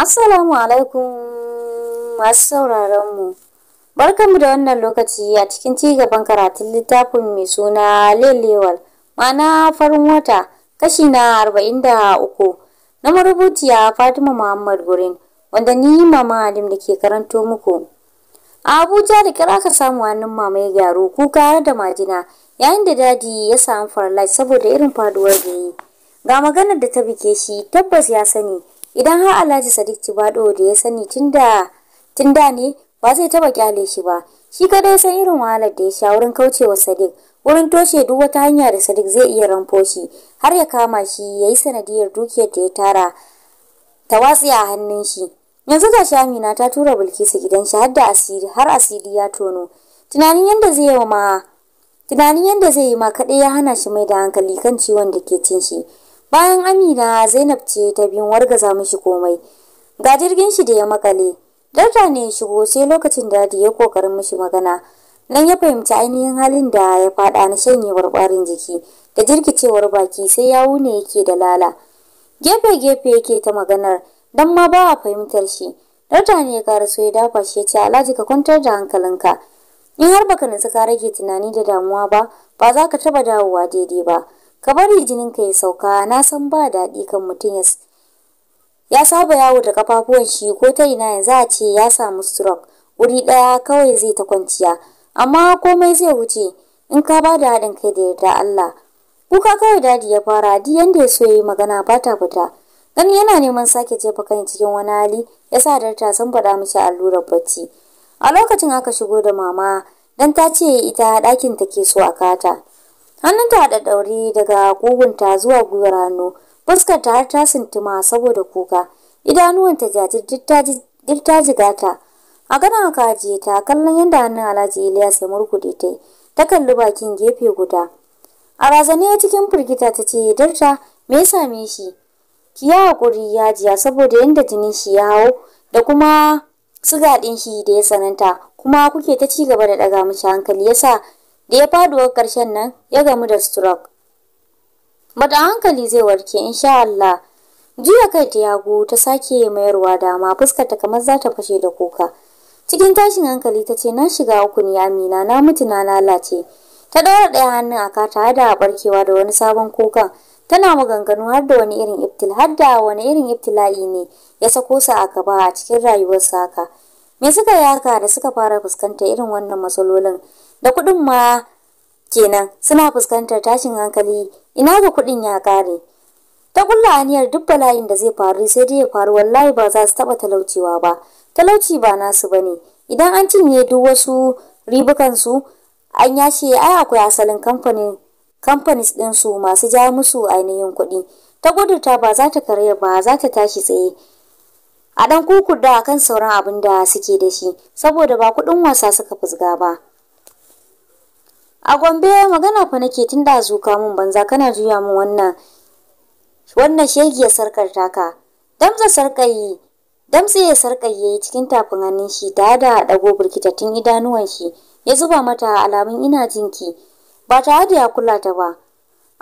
Assalamu alaikum masu sauraron mu. Barkanmu da wannan lokaci a cikin ci gaban karatun littafin mai suna Lelewal, ma'ana farin wata kashi na arba'in da uku na marubuciya Fatima Muhammad Gurin, wanda ni mama Alim da ke karanto muku. A Abuja da kira ka samu hannun mamaye gyaro kuka da majina yayin da daji ya samu farlai saboda irin faduwar da yi. Ga maganar da ta bike shi tabbas ya sani idan har alhaji sadiq cibado da ya sani tunda tunda ne ba zai taba kyale shi ba shi kadai san irin wahalar da ya sha wurin kaucewa sadiq wurin toshe duk wata hanya da sadiq zai iya ramfo shi har ya kama shi yayi yi sanadiyar dukiyar da ya tara ta watsi a hannun shi yanzu ga shamina ta tura bilkisu gidan shi har da asiri har asiri ya tono tunanin yanda zai yi ma tunanin yanda zai yi ma kaɗai ya hana shi mai da hankali kan ciwon da ke cin shi Bayan Amina Zainab ce ta biyun wargaza mishi komai. Ga jirgin shi da ya makale. Darta ne ya shigo sai lokacin da ya kokarin mishi magana. Nan ya fahimci ainihin halin da ya fada na shanyewar kwarin jiki da jirkicewar baki sai yawu ne yake da lala. Gefe-gefe yake ta maganar dan ma ba a fahimtar shi. Darta ne ya karaso ya dafa shi ya ce Alhaji ka kwantar da hankalinka. In har baka nutsu ka rage tunani da damuwa ba, ba za ka taba dawowa daidai ba. ka bari jinin ka ya sauka na san ba daɗi kan mutum ya ya saba yawo da kafafuwan shi ko ta ina yanzu a ce ya samu stroke wuri ɗaya kawai zai ta kwanciya amma komai zai wuce in ka ba da haɗin kai da yarda Allah kuka kawai dadi ya fara duk yanda ya so ya yi magana ba ta fita gani yana neman sake jefa kan cikin wani hali ya sa darta sun faɗa mishi allurar bacci a lokacin aka shigo da mama dan ta ce ita ɗakin take so a kata hannunta da dauri daga ta zuwa gwiwar hannu fuskar har ta sintima saboda kuka idanuwanta jajir duk ta jigata a ganin kaji ta kallon yadda hannun alhaji ilyas ya murkuɗe ta ta kalli bakin gefe guda a razane cikin firgita ta ce darta me ya same shi ki ya haƙuri ya jiya saboda yadda jinin shi ya hau da kuma siga ɗin shi da ya tsananta kuma kuke ta ci gaba da ɗaga mishi hankali yasa da ya faduwar ƙarshen nan ya gamu da stroke bada hankali zai warke insha Allah jiya kai ta yago ta sake mayarwa dama fuskar ta kamar za ta fashe da kuka cikin tashin hankali ta ce na shiga uku ne Amina na mutu na lalace ta ɗora ɗaya hannun a kata da barkewa da wani sabon kukan tana maganganu har da wani irin ibtil har da wani irin iftila'i ne ya sako sa a gaba a cikin rayuwar saka me suka yaka da suka fara fuskantar irin wannan matsalolin da kuɗin ma kenan suna fuskantar tashin hankali ina ga kuɗin ya ƙare ta kulla aniyar duk bala'in da zai faru sai dai ya faru wallahi ba za su taɓa talaucewa ba talauci ba nasu ba ne idan an cinye duk wasu ribukansu an yashe ai akwai asalin kamfanin kamfanis ɗinsu masu ja musu ainihin kuɗi ta gudurta ba za ta karya ba za ta tashi tsaye a dan kukuda kan sauran abin da suke da shi saboda ba kuɗin wasa suka fusga ba a gombe magana fa nake tunda da zuka mun banza kana juya mun wannan wannan shege sarkar taka damza sarkayi damtse ya sarƙaye cikin tafin hannun shi da da dago burkitattun idanuwan shi ya zuba mata alamun ina jinki ba tare da ya kula ta ba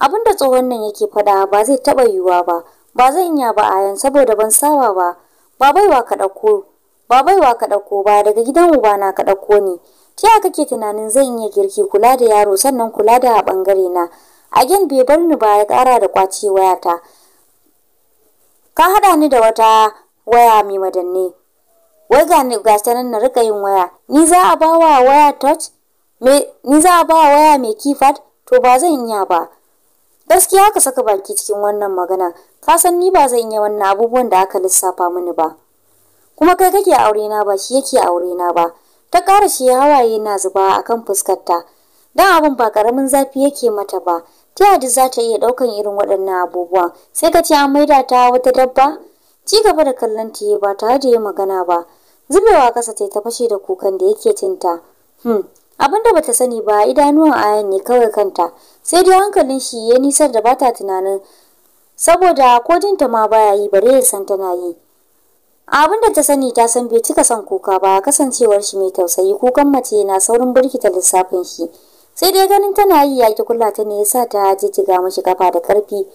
abinda tsohon nan yake faɗa ba zai taɓa yiwuwa ba ba zan iya ba ayan saboda ban sawa ba ba baiwa ka ɗauko ba ka ɗauko ba daga gidan uba na ka ɗauko ne ta yaya kake tunanin zan iya girki kula da yaro sannan kula da a ɓangare na agen bai bar ni ba ya ƙara da ƙwace wayata ka haɗa ni da wata waya mai madanne wai ga ni ga sanan na rika yin waya ni za a ba wa waya touch ni za a ba waya mai keypad to ba zan iya ba gaskiya ka saka baki cikin wannan magana ka san ni ba zan yi wannan abubuwan da aka lissafa mini ba kuma kai kake aure na ba shi yake aure na ba ta ƙara shi hawaye na zuba akan fuskarta dan abin ba karamin zafi yake mata ba ta yadda za ta iya ɗaukan irin waɗannan abubuwa sai ka ce an maida ta wata dabba ci gaba da kallon ta ba tare da yi magana ba zubewa kasa ta ta fashe da kukan da yake tinta hmm abin da bata sani ba idanuwan ayan ne kawai kanta sai dai hankalin shi ya nisar da bata tunanin saboda kodinta ma baya yi bare ya san tana yi abin da ta sani ta san bai cika son kuka ba kasancewar shi mai tausayi kukan mace na saurin birkita lissafin shi sai dai ganin tana yi yaki kula ta ne ya sa ta jijjiga mashi kafa da karfi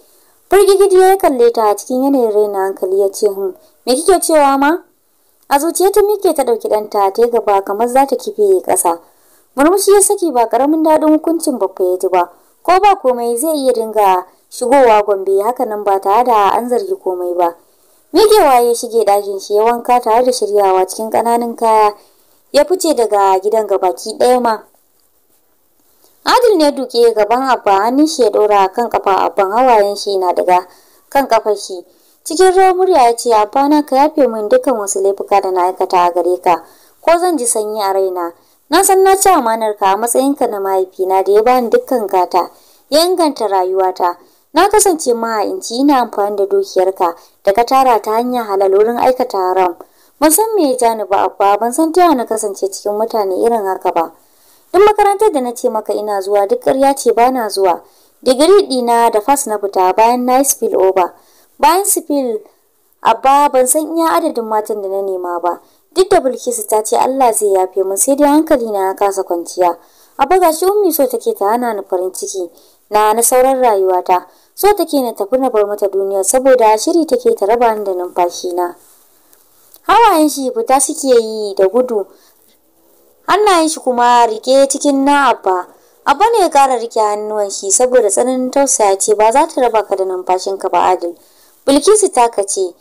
firgigidi ya kalle ta cikin yanayin raina hankali ya ce hun hmm, me kike cewa ma a zuciya ta mike ta ɗauki ɗanta ta yi gaba kamar za ta kife ƙasa murmushi ya saki ba karamin daɗin hukuncin bakwai ya ji ba ko ba komai zai iya dinga shigowa gombe hakanan ba tare da an zargi komai ba miƙewa ya shige dakin shi ya wanka tare da shiryawa cikin ƙananan kaya ya fice daga gidan gabaki ɗaya ma adil ne duke gaban abba hannun shi ya ɗora kan kafa abban hawayen shi na daga kan kafar shi cikin rawa murya ya ce abba na ka yafe min dukkan wasu laifuka da na aikata a gare ka ko zan ji sanyi a raina Na san na ci amanar ka a matsayinka na mahaifina da ya bani dukkan gata, ya inganta rayuwata. Na kasance mahaifinci ina amfani da dukiyarka da ka tara ta hanyar halal wurin aikata haram. Ban san me ya jani ba abba, ban san ta na kasance cikin mutane irin haka ba. Duk makarantar da na ce maka ina zuwa duk ƙarya ce ba na zuwa. Digiri ɗina da fas na fita bayan na yi spill over. Bayan spill, abba ban san iya adadin matan da na nema ba. duk da bilkisu ta ce allah zai yafe mu sai dai hankali na ya kasa kwanciya a buga shi ummi so take ta hana ni farin ciki na na sauran rayuwata so take na tafi na bar mata duniya saboda shiri take ta raba ni da numfashi na hawayen shi fita suke yi da gudu hannayen shi kuma rike cikin na abba abba ne ya kara rike hannuwan shi saboda tsananin tausaya ce ba za ta raba ka da numfashinka ba adil bilkisu ta kace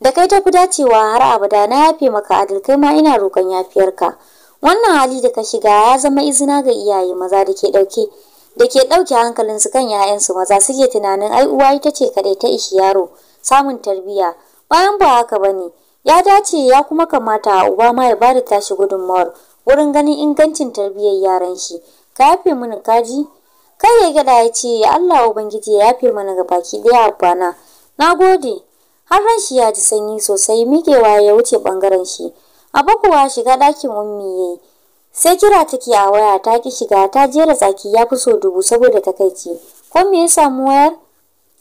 da kai ta fi dacewa har abada na yafe maka adil kai ma ina roƙon yafiyarka wannan hali da ka shiga ya zama izina ga iyaye maza da ke ɗauke da ke ɗauke hankalinsu kan 'ya'yansu maza suke tunanin ai uwa ita ce kaɗai ta ishi yaro samun tarbiyya bayan ba haka ba ne ya dace ya kuma kamata uba ma ya da tashi gudunmawar wurin ganin ingancin tarbiyyar yaran shi ka yafe mini kaji kai ya gada ya ce allah ubangiji ya yafe mana ga baki ɗaya abana na gode har ran shi ya ji sanyi sosai mukewa ya wuce bangaren shi abu kuwa shiga ɗakin ummi yayi sai kira take a waya ta ki shiga ta jera tsaki ya fi so dubu saboda takaici ko me ya samu wayar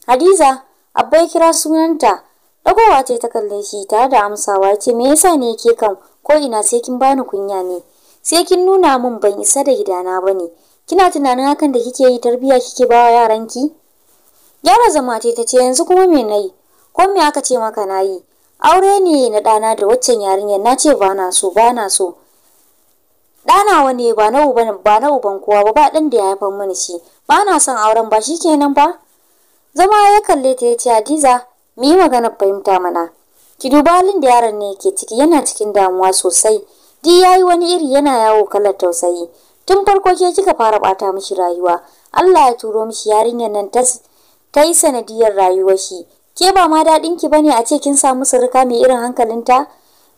hadiza abba ya kira sunanta ɗagowa ce ta kalle shi tare da amsawa ce me yasa ne ke kan ko ina sai kin bani kunya ne sai kin nuna min ban isa da gidana ba ne kina tunanin hakan da kike yi tarbiya kike bawa yaranki gyara zama ce ta ce yanzu kuma me nayi ko me aka ce maka na yi aure ne na ɗana da waccan yarinyar nace ce ba na so ba na so dana wani ba na uban ba na uban kowa ba ba ɗan da ya haifar mini shi ba na son auren ba shi kenan ba zama ya kalle ta ya ce hadiza mu yi maganar fahimta mana ki duba halin da yaron ne yake ciki yana cikin damuwa sosai di yayi wani iri yana yawo kalar tausayi tun farko ke kika fara bata mishi rayuwa Allah ya turo mishi yarinyar nan ta ta yi sanadiyar rayuwar shi ke ba ma daɗin ki bane a ce kin samu surika mai irin hankalinta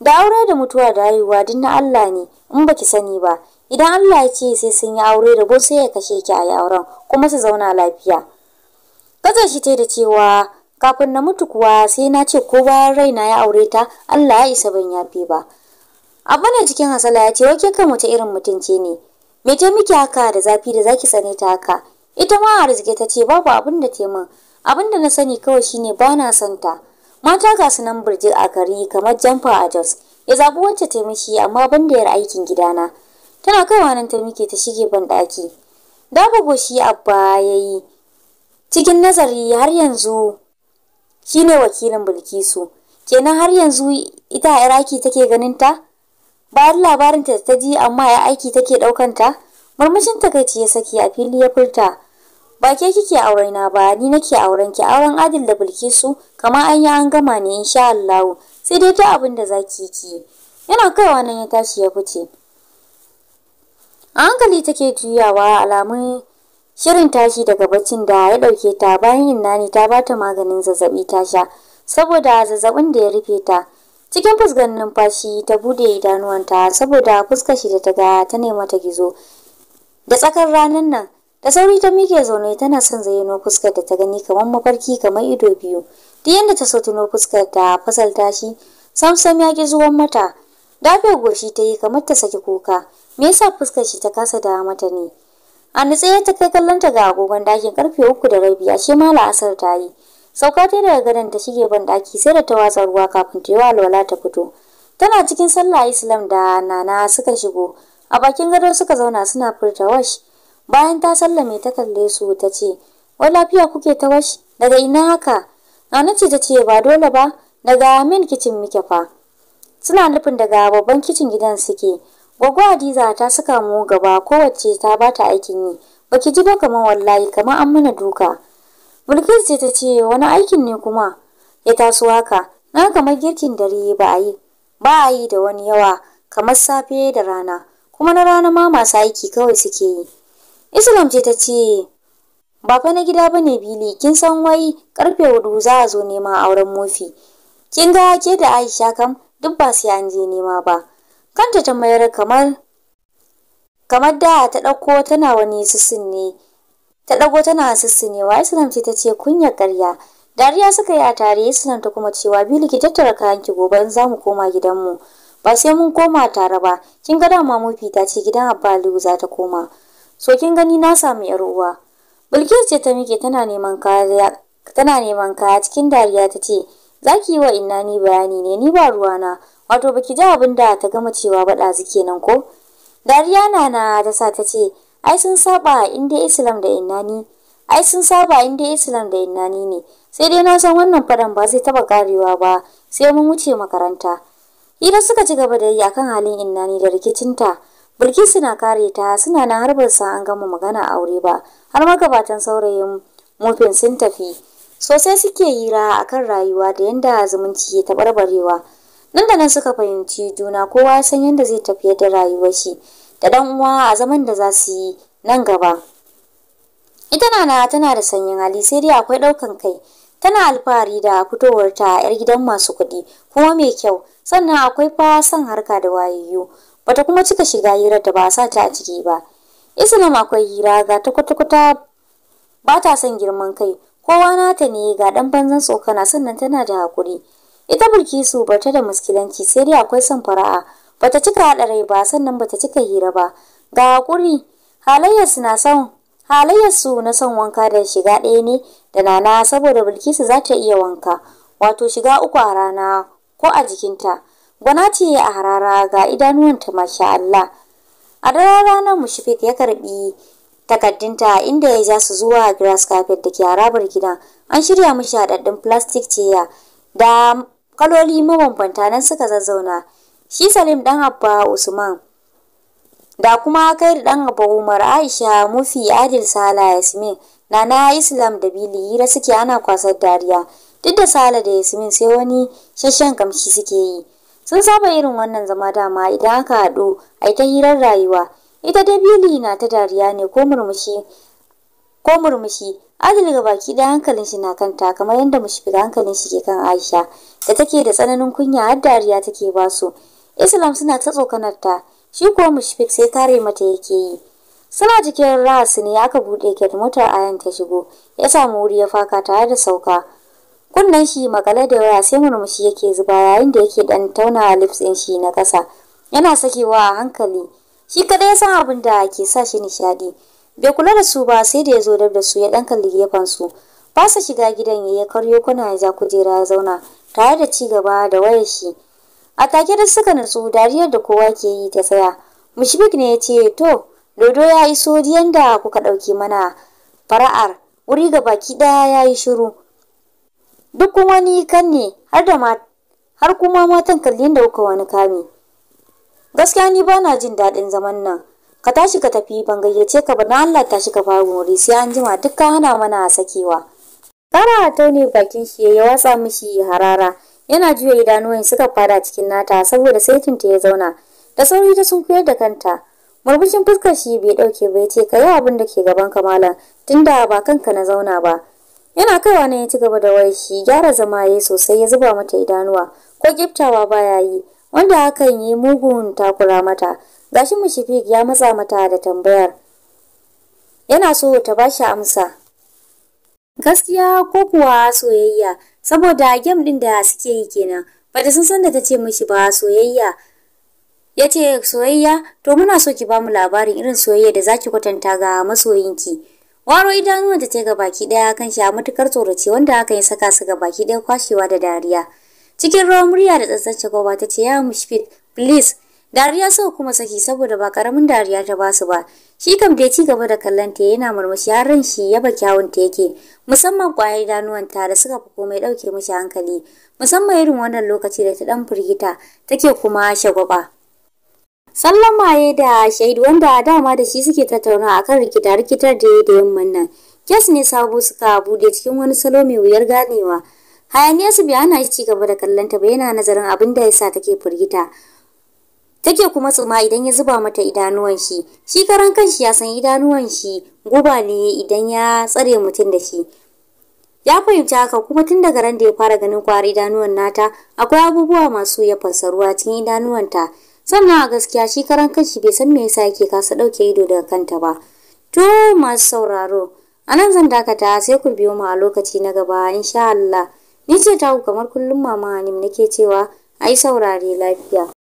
da aure da mutuwa da rayuwa duk na Allah ne in baki sani ba idan Allah ya ce sai sun yi aure da sai ya kashe ki a yi auren kuma su zauna lafiya kaza shi ta da cewa kafin na mutu kuwa sai na ce ko bayan raina ya aure ta Allah ya isa ban yafe ba abu ne cikin hasala ya ce wake kan wata irin mutunce ne me ta miki haka da zafi da zaki tsane ta haka ita ma arziki ta ce babu abin da te min abinda na sani kawai shine ba na son ta mata ga su nan a kari kamar jamfa a jos ya zabi wacce ta mishi amma ban da yar aikin gidana tana kaiwa nan ta mike ta shige ban daki dafa goshi abba yayi cikin nazari har yanzu shine wakilin bilkisu kenan har yanzu ita a iraki take ganin ta bayan labarin ta ta ji amma ya aiki take daukan ta murmushin takaici ya saki a fili ya furta ba ke kike auren na ba ni nake auren ki auren adil da bilkisu kamar an yi an gama ne insha Allah sai dai ta abin da zaki ki yana kaiwa nan ya tashi ya fice hankali take juyawa alamun shirin tashi daga baccin da ya dauke ta bayan yin nani ta bata maganin zazzabi ta sha saboda zazzabin da ya rufe ta cikin fusgan numfashi ta bude idanuwanta saboda fuskar shi da ta ga ta nema ta gizo da tsakar ranar nan da sauri ta mike zaune tana son zayyano fuskar da ta gani kamar mafarki kamar ido biyu duk yadda ta so fuskar ta fasalta shi samsam ya ki zuwan mata dafe goshi ta yi kamar ta saki kuka me yasa fuskar shi ta kasa da mata ne a nutse ya ta kai kallon ta ga agogon dakin karfe uku da rabi ashe ma asar ta yi sauka ta daga gadon ta shige ban daki sai da ta watsa ruwa kafin ta yi alwala ta fito tana cikin sallah islam da nana suka shigo a bakin gado suka zauna suna furta wash bayan ta sallame ta kalle su ta ce wai lafiya kuke ta washi daga ina haka nana ce ta ce ba dole ba daga min kicin muke fa suna nufin daga babban kicin gidan suke gwagwa hadiza ta saka mu gaba kowace ta bata aikin yi baki ji ba kamar wallahi kamar an mana duka mulkin ce ta ce wani aikin ne kuma ya taso haka na kamar girkin dare ba a yi ba a yi da wani yawa kamar safe da rana kuma na rana ma masu aiki kawai suke yi Islam ce ta ce, Ba fa na gida bane Bili, kin san wai karfe hudu za a zo nema auren Mofi. Kin ga ke da Aisha kam duk ba sai an je nema ba. Kanta ta mayar kamar kamar da ta dauko tana wani sissin Ta dago tana Islam ce ta ce kunyar karya. Dariya suka yi a tare Islam ta kuma cewa Bili ki tattara kayanki gobe in za mu koma gidanmu. Ba sai mun koma tare ba. Kin ga dama Mofi ta ce gidan Abba Aliyu za ta koma. so kin gani na samu yar uwa bilkis ce ta mike tana neman kaya tana neman kaya cikin dariya ta ce za yi wa inna ni bayani ne ni ba ruwa na wato baki ji abin da ta gama cewa ba ɗazu kenan ko dariya na na ta sa ta ce ai sun saba inda islam da inna ni ai sun saba inda islam da innani ne sai dai na san wannan fadan ba zai taba karewa ba sai mun wuce makaranta hira suka ci gaba da yi akan halin innani da rikicinta bilkisu na kare ta suna nan har sa an gama magana aure ba har magabatan saurayin mufin sun tafi sosai suke hira akan rayuwa da yanda zumunci ke tabarbarewa nan da nan suka fahimci juna kowa ya san yadda zai tafi da rayuwar shi da dan uwa a zaman da za su yi nan gaba ita na tana da sanyin hali sai dai akwai daukan kai tana alfahari da fitowar fitowarta 'yar gidan masu kuɗi kuma mai kyau sannan akwai fa son harka da wayoyi bata kuma cika shiga hira da ba sa ta a ciki ba islam akwai hira ga tukutukuta ba ta son girman kai kowa nata ne ga dan banzan tsokana sannan tana da hakuri ita bilkisu bata da muskilanci sai dai akwai son fara'a bata cika haɗa ba sannan bata cika hira ba ga hakuri halayyarsu na son halayyarsu na son wanka da shiga ɗaya ne da nana saboda bilkisu za ta iya wanka wato shiga uku a rana ko a jikinta Gwana ce a harara ga idanuwanta masha Allah. A daren ranar mushifit ya karbi takaddinta inda ya ja su zuwa grass carpet da ke harabar gidan. An shirya mishi hadaddun plastic chair da kaloli mabambanta nan suka zazzauna. Shi Salim dan Abba Usman da kuma kai da dan Abba Umar Aisha Mufi Adil Sala Yasmin Nana Islam da Bili hira suke ana kwasar dariya. Duk da Sala da Yasmin sai wani shashen kamshi suke yi. sun saba irin wannan zama dama idan aka haɗu a ta hirar rayuwa ita dai bili na ta dariya ne ko murmushi ko murmushi adil ga baki da hankalin shi na kanta kamar yadda mushi da hankalin shi ke kan aisha da take da tsananin kunya har dariya take ba su islam suna ta tsokanar ta shi kuwa mushfik sai kare mata yake yi suna jikin ras ne aka buɗe ket motar ayan ta shigo ya samu wuri ya faka tare da sauka kunnan shi makale da waya sai murmushi yake zuba yayin da yake dan tauna lips ɗin shi na kasa Yana sakewa a hankali. Shi kaɗai ya san abin da ke sa shi nishadi. Bai kula da su ba sai da ya zo dab da su ya dan kalli gefen su. Fasa shiga gidan ya karyo kuna ya ja kujera ya zauna tare da ci gaba da wayar shi. A take da suka nutsu dariyar da kowa ke yi ta tsaya. Mushbik ne ya ce to dodo ya iso diyan da kuka ɗauki mana fara'ar wuri ga baki ɗaya ya yi shiru duk kan ne har da ma har kuma matan kallin da kuka wani kame gaskiya ni ba na jin daɗin zaman nan ka tashi ka tafi ban gayyace ka ba na Allah tashi ka fara wuri sai an jima duk ka hana mana sakewa kara ta ne bakin shi ya watsa mishi harara yana juya idanuwan suka fada cikin nata saboda sai tinta ya zauna da sauri ta sun sunkuyar da kanta murmushin fuskar shi bai dauke ba yace yi abin da ke gaban ka malam tunda ba kanka na zauna ba yana kaiwa ne ya ci gaba da waishi gyara zama ya sosai ya zuba mata idanuwa ko kiftawa baya yi wanda hakan yi mugun takura mata gashi mushifik ya matsa mata da tambayar yana so ta ba shi amsa gaskiya ko kuwa soyayya saboda game din da suke yi kenan bata sun san da ta ce mishi ba soyayya ya ce soyayya to muna so ki bamu labarin irin soyayya da zaki kwatanta ga masoyinki Waro idanuwanta ta ga baki daya kan shi a matukar tsorace wanda aka yi saka su ga baki daya kwashewa da dariya. Cikin rawar murya da tsatsar goba ta ce ya mushfit please dariya suka kuma saki saboda ba karamin dariya ta basu ba. Shi kam da ci gaba da kallon ta yana murmushi har ran shi ya ba kyawun ta yake musamman kwayar idanuwanta da suka fi komai dauke mishi hankali musamman irin wannan lokaci da ta dan firgita take kuma shagwaba. Sallama ya da shaidu wanda dama da shi suke tattauna akan rikita-rikitar da ya da yamman nan. Kes ne sabo suka bude cikin wani salo mai wuyar ganewa. Hayaniyar su biya hana shi ci gaba da kallonta ba yana nazarin abin da ya sa take firgita. Take kuma tsuma idan ya zuba mata idanuwan shi. Shi karan kanshi ya san idanuwan shi guba ne idan ya tsare mutum da shi. Ya fahimci haka kuma tun daga ran da ya fara ganin kwari idanuwan nata akwai abubuwa masu ya fassaruwa cikin idanuwanta. ta. sannan a gaskiya shi karan kanshi bai san me yasa yake kasa ɗauke ido daga kanta ba to masu sauraro a nan zan dakata sai ku biyo mu a lokaci na gaba insha Allah ni ce ku kamar kullum mama Hanim nake cewa ai saurare lafiya